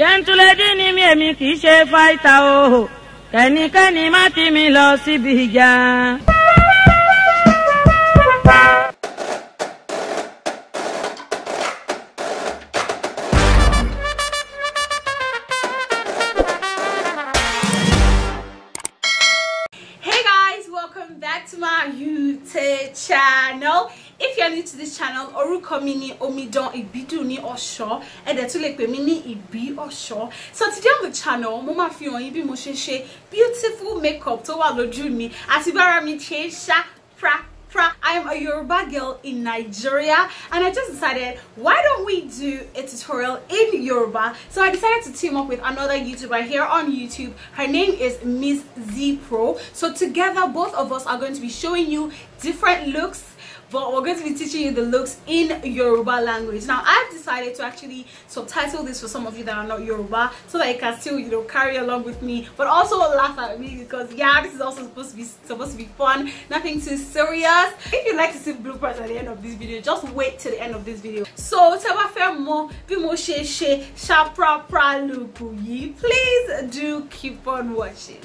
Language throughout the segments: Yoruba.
jẹ́ńtúlẹ́dì ni mi èmi kì í ṣe kẹ́nikẹ́ni má tì mí lọ síbi ìjà. Hey guys, welcome back to my YouTube channel if you are new to this channel orúkọ mi ni Omidan Ìbídùnní Ọ̀ṣọ́ ẹ dẹ̀ tún lè pè mí ní Ìbí Ọ̀ṣọ́ so today on the channel mo máa fi hàn yín bí mo ṣe ṣe beautiful makeup tó wà lójú mi àti bára mi ṣe ń pra pra I am a Yoruba girl in Nigeria and I just decided why don't we do a tutorial in Yoruba so I decided to team up with another YouTuber here on YouTube her name is Miss Z Pro so together both of us are going to be showing you different looks but we're going to be teaching you the looks in Yoruba language. Now, I've decided to actually subtitle this for some of you that are not Yoruba so that you can still, you know, carry along with me, but also laugh at me because, yeah, this is also supposed to be supposed to be fun, nothing too serious. If you'd like to see bloopers at the end of this video, just wait till the end of this video. So, tẹ́ bá fẹ́ mọ̀ please do keep on watching.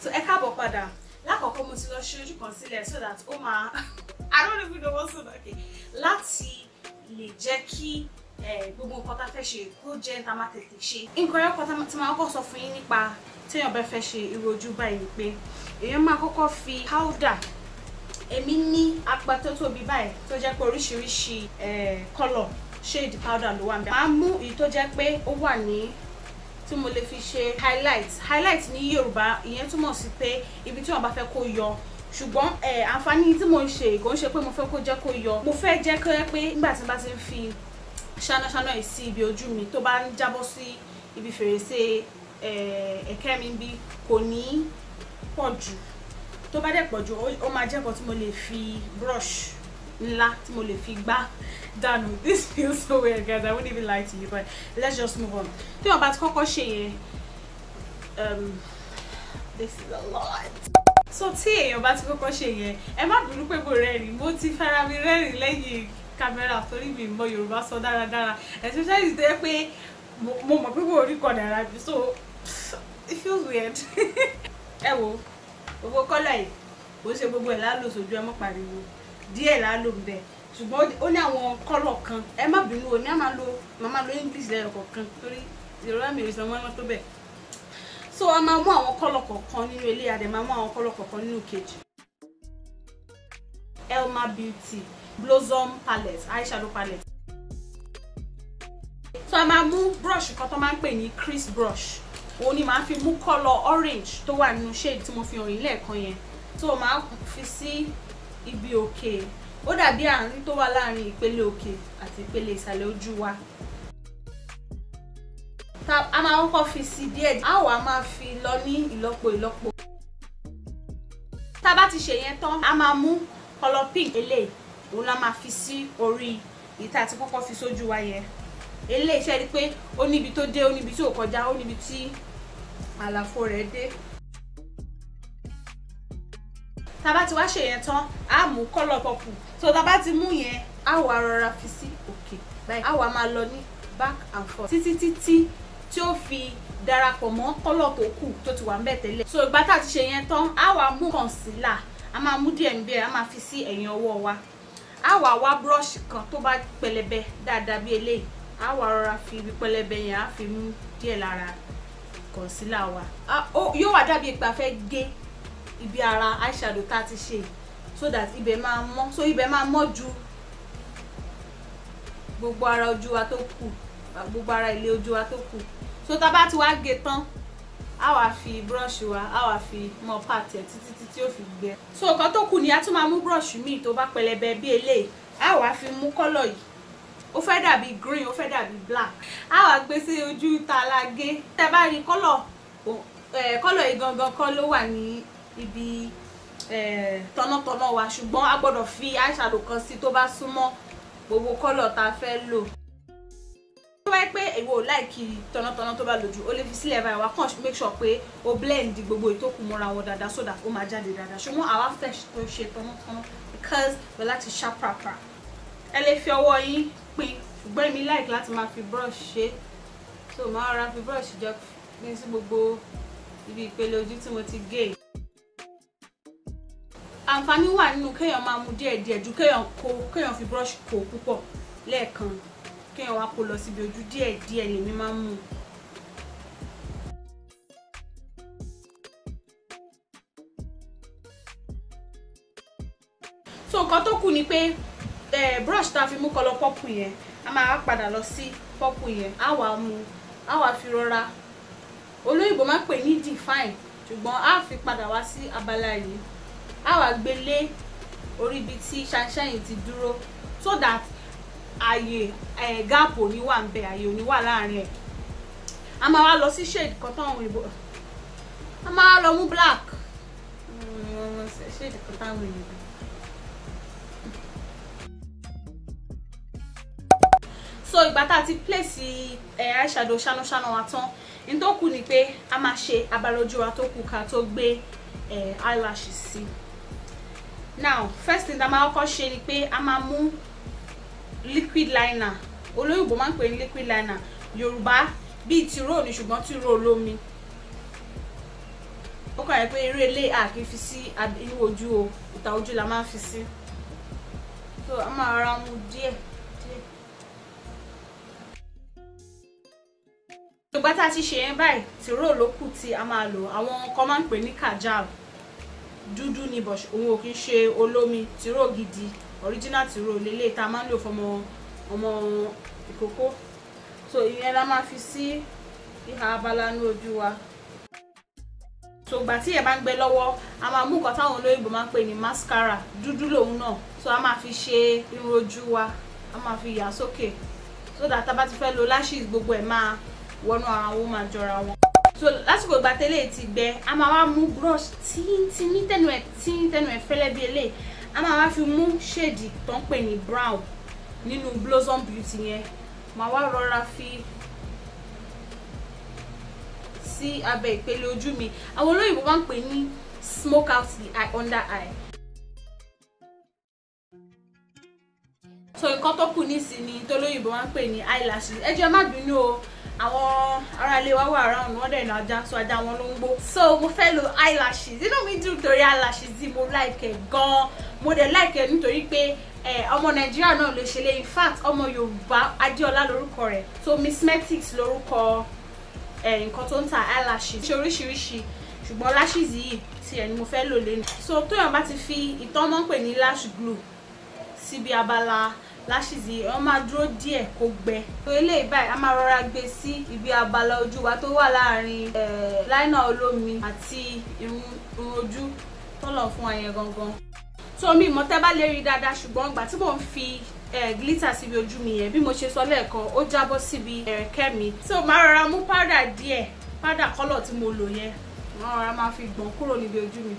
So, ẹ káàbọ̀ padà. Lákọ̀ọ́kọ́ mo ti lọ ṣe ojú so that ó I don't even know what's so okay. Láti lè jẹ́ kí eh, gbogbo nǹkan tá a fẹ́ ṣe kó jẹ́ ní ta máa tètè ṣe. Nǹkan ẹ̀kọ́ tí máa kọ́ sọ fún yín nípa téèyàn bá fẹ́ ṣe irú ojú báyìí ni pé èèyàn máa kọ́kọ́ fi powder èmi ní apá tó tóbi báyìí tó jẹ́ pé oríṣiríṣi kọ́lọ̀ eh, shade powder ló wà níbẹ̀. Màá mú èyí tó jẹ́ pé ó wà ní tí mo lè fi ṣe highlight highlight ní Yorùbá ìyẹn túmọ̀ sí pé ibi tí wọ́n bá fẹ́ kó yọ ṣùgbọ́n ẹ àǹfààní tí mo ń ṣe ìgò ń ṣe pé mo fẹ́ kó jẹ́ kó yọ mo fẹ́ jẹ́ kó yẹ pé nígbà tí n bá ti ń fi ṣánáṣáná yìí sí ibi ojú mi tó bá ń jábọ́ sí ibi fèrèsé ẹ̀kẹ́ mi bí kò ní pọ̀ jù tó bá dẹ̀ pọ̀ jù ó máa jẹ́ kan tí mo lè fi brush ńlá tí mo lè fi gbá dànù this feels so weird guys I won't even lie to you but let's just move on tí wọn bá ti kọ́kọ́ ṣe yẹn um, this is a lot so tí èèyàn bá ti kọ́kọ́ ṣe yẹn ẹ má bínú pé mo rẹ́rìn mo ti fara mi rẹ́rìn lẹ́yìn kámẹ́rà torí mi mọ Yorùbá sọ dáradára especially tó yẹ pé mo mọ̀ pé mo rí kan dára bí so it feels weird ẹ wo gbogbo kọ́lọ̀ yìí kò ṣe gbogbo ẹ̀ lálò sójú ẹ mọ́ pariwo díẹ̀ lálò ń bẹ̀ ṣùgbọ́n ó ní àwọn kọ́lọ̀ kan ẹ má bínú o ní a máa lo màmá lo English lẹ́yọ̀ kọ̀ọ̀kan torí Yorùbá mi ò sọ wọ́n tó bẹ́ẹ̀ so a máa mú àwọn kọ́lọ̀ kọ̀ọ̀kan nínú ilé a dẹ̀ máa mú àwọn kọ́lọ̀ kọ̀ọ̀kan nínú kejì Elma Beauty Blossom palette eye shadow palette so a máa mú brush kan tó máa ń pè ní crease brush òun ni màá fi mú kọ́lọ̀ orange tó wà nínú shade tí mo fi hàn yín lẹ́ẹ̀kan yẹn tó o máa fi sí ibi òkè ó dàbí àárín tó wà láàárín ìpele òkè àti ìpele ìsàlẹ̀ ojú wa a máa kọ́kọ́ fi sí díẹ̀ a ó wá máa fi lọ ní ìlọ́po ìlọ́po tá a bá ti ṣe yẹn tán a máa mú color pink eléyìí òun la máa fi sí orí èyí tá kọ́kọ́ fi sójú wa yẹn eléyìí ṣe rí pé ó níbi tó dé ó níbi tí ò kọjá ó níbi tí àlàfo rẹ̀ dé tá bá ti wá ṣe yẹn tán a mú kọ́lọ̀ pọ̀pù so tá a bá ti mú yẹn a wá rọra fi sí òkè báyìí a wá máa lọ ní back and forth títí títí tí ó fi darapọ̀ mọ́ kọ́lọ̀ tó kù tó ti wà ń bẹ̀ tẹ́lẹ̀ so ìgbà tá a ti ṣe yẹn tán á wá mú concealer a máa mú díẹ̀ ń bẹ̀ a máa fi sí ẹ̀yìn ọwọ́ wa á wá wá brush kan tó bá pẹlẹbẹ dáadáa bí eléyìí A. wá rọra fi ibi pẹlẹbẹ yẹn á fi mú díẹ̀ lára concealer wa yóò wá dàbí ipa fẹ́ gé ibi ara eyeshadow tá a ti ṣe so that ibẹ̀ máa mọ́ so ibẹ̀ máa mọ́ ju gbogbo ara ojú wa tó kù gbogbo ara ilé ojú wa tó kù so tá a bá ti wá gé tán a wá fi brush wa a wá fi mọ pàtẹ títí títí ó fi gbẹ so nǹkan tó kù ni a tún máa mú brush míì tó bá pẹlẹbẹ bí eléyìí a wá fi mú kọ́lọ̀ yìí ó fẹ́ dàbí green ó fẹ́ dàbí black a wá gbé sí ojú tá a la gé tẹ bá rí kọ́lọ̀ kọ́lọ̀ yìí gangan kọ́ ló wà ní ibi tọ̀nàtọ̀nà wa ṣùgbọ́n a gbọ́dọ̀ fi eyeshadow kan sí tó bá súnmọ́ gbogbo kọ́lọ̀ tá a fẹ́ lò tó bá yẹ pé èwo láìkí tọ̀nàtọ̀nà tó bá lójú o lè fi sílẹ̀ báyìí wá kàn make sure pé o blend gbogbo ìtókù mọ́ra wọn dáadáa so that ó máa jáde dáadáa ṣùgbọ́n àwa fẹ́ tó ṣe tọ̀nàtọ̀nà because we like to sharp rapper ẹ lè fi ọwọ́ yín pin ṣùgbọ́n èmi like láti máa fi brush ṣe so máa ra fi brush jọ pin sí gbogbo ibi ìpele ojú tí mo ti gé yìí àǹfààní wà nínú kéèyàn máa mu díẹ̀díẹ̀ ju kéèyàn kó kéèyàn fi brush kó púpọ̀ lẹ́ẹ̀kan kéèyàn wá kó lọ síbi ojú díẹ̀ díẹ̀ lèmi máa ń mú so nǹkan tó kù ni pé brush tá a fi mú kọlọ pọ́pù yẹn a máa padà lọ sí pọ́pù yẹn á wàá mú á wàá fi rọra olóyìnbó máa pè ní define ṣùgbọ́n á fi padà wá sí abala yìí á wàá gbé orí ibi tí ṣanṣẹ́yìn ti dúró so that àyè eh, gáàpù òní wà ń bẹ àyè òní láàrin ẹ̀ a máa wá lọ sí shade kan táwọn òyìnbó a máa wá lọ mú black shade kan táwọn òyìnbó. so ìgbà tá a ti place eh, eyeshadow ṣánáṣáná wa tán n tó kù ni pé a máa ṣe abala ojú wa tó kù ká tó gbé eh, eyelashes sí now first thing tá a máa kọ́kọ́ ṣe ni pé a máa mú liquid liner olóyìnbó máa ń pè ní liquid liner yorùbá bíi tìró ni ṣùgbọ́n tìró olómi ó kàn yẹ pé eré ilé àkè fi sí inú ojú o ìta ojú la máa ń fi sí so a máa ra mu díẹ̀ díẹ̀. yorùbá tá a ti ṣe yẹn báyìí tìró ló kù tí a máa lò àwọn kan máa ń pè ní kajal dúdú ni bọ̀ òun ò kì í ṣe olómi tìró gidi original tìró lélẹ̀ tá a máa ń lò fọmọ ọmọ ìkókó so ìyẹn la máa fi sí ìhà abala ní ojú wa so ìgbà tí ẹ bá ń gbẹ lọ́wọ́ a máa mú nǹkan táwọn olóyìnbó máa ń pè ní mascara dúdú lòun náà so a máa fi ṣe irun ojú wa a máa fi yà sókè so that tá a bá ti fẹ́ lo lashes gbogbo ẹ̀ máa wọnú ara wọn máa jọra wọn so lásìkò ìgbà tẹ́lẹ̀ ti gbẹ a máa wá mú brush tíntìn ní tẹnu ẹ̀ tíntìn tẹnu ẹ̀ fẹ́lẹ́ bí eléyìí a máa wá fi mú ṣèdì tó ń pè ní brown nínú Blossom Beauty yẹn màá wá rọra fi sí abẹ́ ìpele ojú mi àwọn olóyìnbó máa ń pè ní smoke out the eye under eye. so nǹkan tó kù nísìnyí tó lóyìnbó máa ń pè ní eyelashes ẹ jẹ́ má bínú o àwọn aráalé wa wà around wọn dẹ̀ ajá so ajá wọn ló ń gbó so mo fẹ́ lo eyelashes inú mi dùn torí eyelashes yìí mo like ẹ̀ gan-an mo dẹ̀ like ẹ̀ nítorí pé ọmọ nàìjíríà náà lè ṣe lé in fact ọmọ yorùbá adéọlá lórúkọ rẹ̀ so mismetics lórúkọ nǹkan tó ń ta eyelashes ṣe oríṣiríṣi ṣùgbọ́n lashes yìí tiẹ̀ ni mo fẹ́ lò lẹ́nu so tóyàn bá ti fi ìtọ́mọ́ pè ní lash glue síbi abala lashes yìí wọ́n máa dúró díẹ̀ kó gbẹ tó eléyìí báyìí a máa rọra gbé sí ibi abala ojú wa tó wà láàrin láìnà olómi àti irun ojú tọ́lọ̀ fún wa yẹn gangan tó mi ìmọ̀ tẹ́ bá lè rí dáadáa ṣùgbọ́n ìgbà tí mò ń fi glitter síbi ojú mi yẹn bí mo ṣe sọ lẹ́ẹ̀kan ó jábọ́ síbi ẹ̀rẹ̀kẹ́ mi so máa rọra mú powder díẹ̀ powder kọ́lọ̀ tí mo lò yẹn máa rọra máa fi gbọ̀n kúrò níbi ojú mi.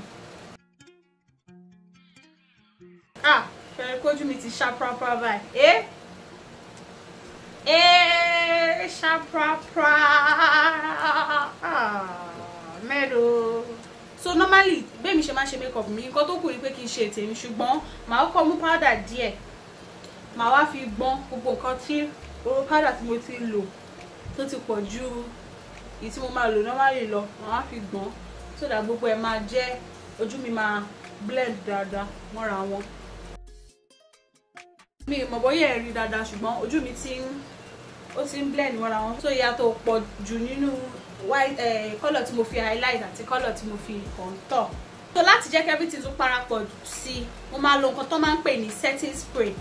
ah ṣẹ̀rí kójú mi ti ṣàprápra báyìí ẹ́ ẹ́ ṣàprápra ah, mẹ́rọ. so normally bẹ́ẹ̀mi ṣe máa ṣe makeup mi nǹkan tó kù ni pé kí n ṣe tèmi ṣùgbọ́n màá kọ́ mú powder díẹ̀ màá wá fi gbọ́n gbogbo nǹkan tí oró powder tí mo ti lò tó ti pọ̀ ju èyí tí lò normally lọ màá wá fi gbọ́n so that gbogbo ẹ̀ máa jẹ́ ojú mi máa blend dáadáa mọ́ra wọn mi ì mọ̀ bóyá ẹ̀ rí dáadáa ṣùgbọ́n ojú mi ti ń ó ti ń blend mọ́ra wọn tó yàtọ̀ pọ̀ jù nínú kọ́lọ̀ eh, tí mo fi highlight àti kọ́lọ̀ tí mo fi contour so láti jẹ́ kí everything tún parapọ̀ sí i mo máa lo nǹkan tó máa ń pè ní setting spray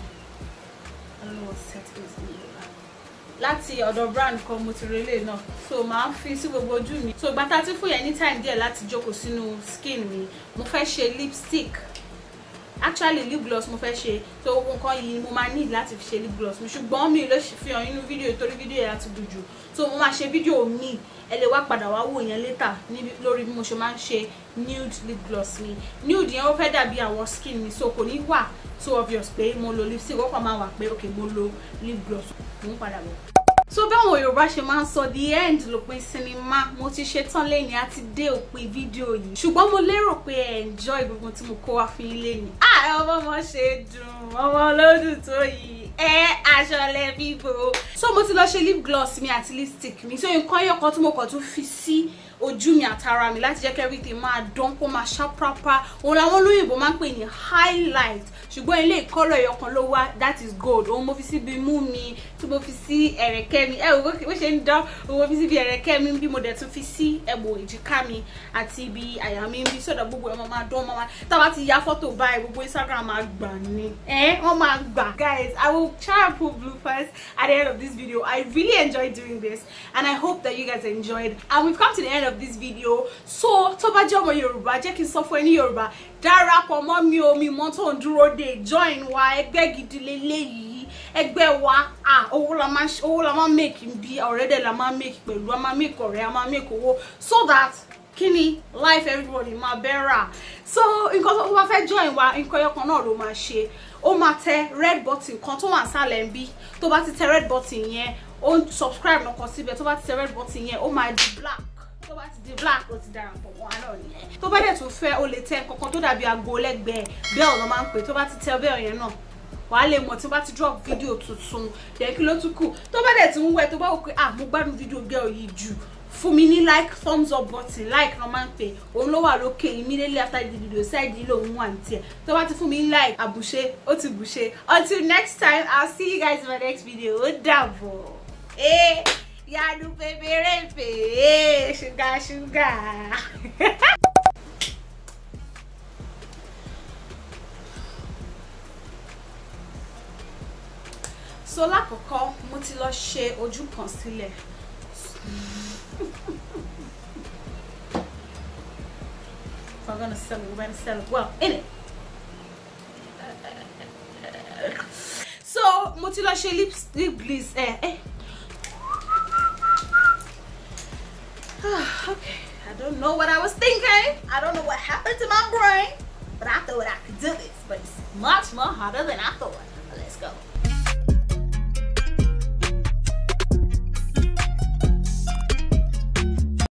láti ọ̀dọ̀ brand kan mo ti relé náà so màá fi sí gbogbo ojú mi so bàtà tí fún yẹn ní time díẹ̀ láti jókòó sínú skin mi mo fẹ́ ṣe lipstick actually lip gloss mo fẹ́ ṣe so gbogbo nǹkan yìí mo máa need láti fi ṣe lip gloss mi ṣùgbọ́n mi ló fi hàn nínú fídíò torí fídíò yẹn láti dùn jù so mo máa ṣe fídíò mi ẹ lè wá padà wá wò yẹn létà lórí bí mo ṣe máa ń ṣe nude lip gloss mi nude yẹn ó fẹ́ dàbí àwọ̀ skin mi so kò ní wà so obvious pé mo lo lipstick ó kàn máa wà pé ok mo lo lip gloss mo ń padà bọ̀ so báwọn yorùbá ṣe máa ń sọ the end lópin sinimá mo ti ṣe tán lẹ́yìn àti dé òpin fídíò yìí ṣùgbọ́n mo lérò pé ẹ enjoy gbogbo tí mo kó wá fún yín lẹ́yìn. Ah! ọmọ ọmọ ṣe dùn ọmọ olódùn tó yìí ẹ aṣọlẹ bíbo. so mo ti lọ ṣe lip gloss mi àti lipstick mi so nǹkan ẹyọ kan tí mo kàn tún fi sí ojú mi àtara mi láti jẹ́ kí everything máa dán kó máa ṣáprápá òun làwọn olóyìnbó máa ń pè ní highlight ṣùgbọ́n ilé ìkọ́lọ̀ ẹyọkan ló wá that is gold òun mo fi sí bí mú mi tí mo fi sí ẹ̀rẹ̀kẹ́ mi ẹ wò bó ṣe ń dán òun mo fi sí bí ẹ̀rẹ̀kẹ́ mi bí mo dẹ̀ tún fi sí ẹ̀bù èjìká mi àti ibi àyà mi bí sọ̀dọ̀ gbogbo ẹ̀ máa dán máa tá a bá ti ya fọ́tò báyìí gbogbo Instagram máa gbà ni ẹ wọ́n máa gbà will try and put bloopers at the end of this video i really enjoyed doing this and i hope that you guys enjoyed and we've come to the end of this video so toba jomo yoruba, jekin yorùbá jẹ́ yoruba. Dara sọ mi o mi mọ́ tó de join wa ẹgbẹ́ gidi yi egbe wa ah owó la máa owó la máa make bi already la máa make pẹ̀lú a make ọ̀rẹ́ a make owó so that kí life everybody máa bẹ́ra so nǹkan tó bá fẹ́ join wa nǹkan ẹyọkan náà ló máa ṣe ó máa tẹ red button kan tó wà nísàlẹ̀ ń bí tó bá ti tẹ red button yẹn ó ń subscribe lọ́kàn síbẹ̀ tó bá ti tẹ red button yẹn ó máa di black tó bá ti di black ó ti darapọ̀ mọ́ wa náà nìyẹn tó bá dẹ̀ tún fẹ́ o lè tẹ kankan tó dàbí aago lẹ́gbẹ̀ẹ́ bẹ́ẹ̀ ló máa ń pè tó bá ti tẹ bẹ́ẹ̀ yẹn náà wàá lè mọ̀ tí bá ti drop video tuntun yẹ kí ló tún kù tó bá dẹ̀ tún wẹ̀ tó bá wò pé ah mo gbádùn fídíò girl yìí jù fún mi ní like thumbs up button like ló máa ń pè òun ló wà lókè immediately after the video side yìí lòun wà ní tiẹ̀ tó bá ti fún mi ní like àbùṣe ó ti bùṣe until next time i'll see you guys in my next video ó dàbọ̀ ẹ́ eh, ya dupe berepe. Eh, pè é ṣúgà ṣúgà. so lákọ̀ọ́kọ́ mo ti lọ ṣe ojú kan sílẹ̀. gonna sell it. We're gonna sell it well in it. So mo lip lip bliss eh, eh? Ah, Okay, I don't know what I was thinking. I don't know what happened to my brain, but I thought I could do this. But it's much more harder than I thought. Let's go.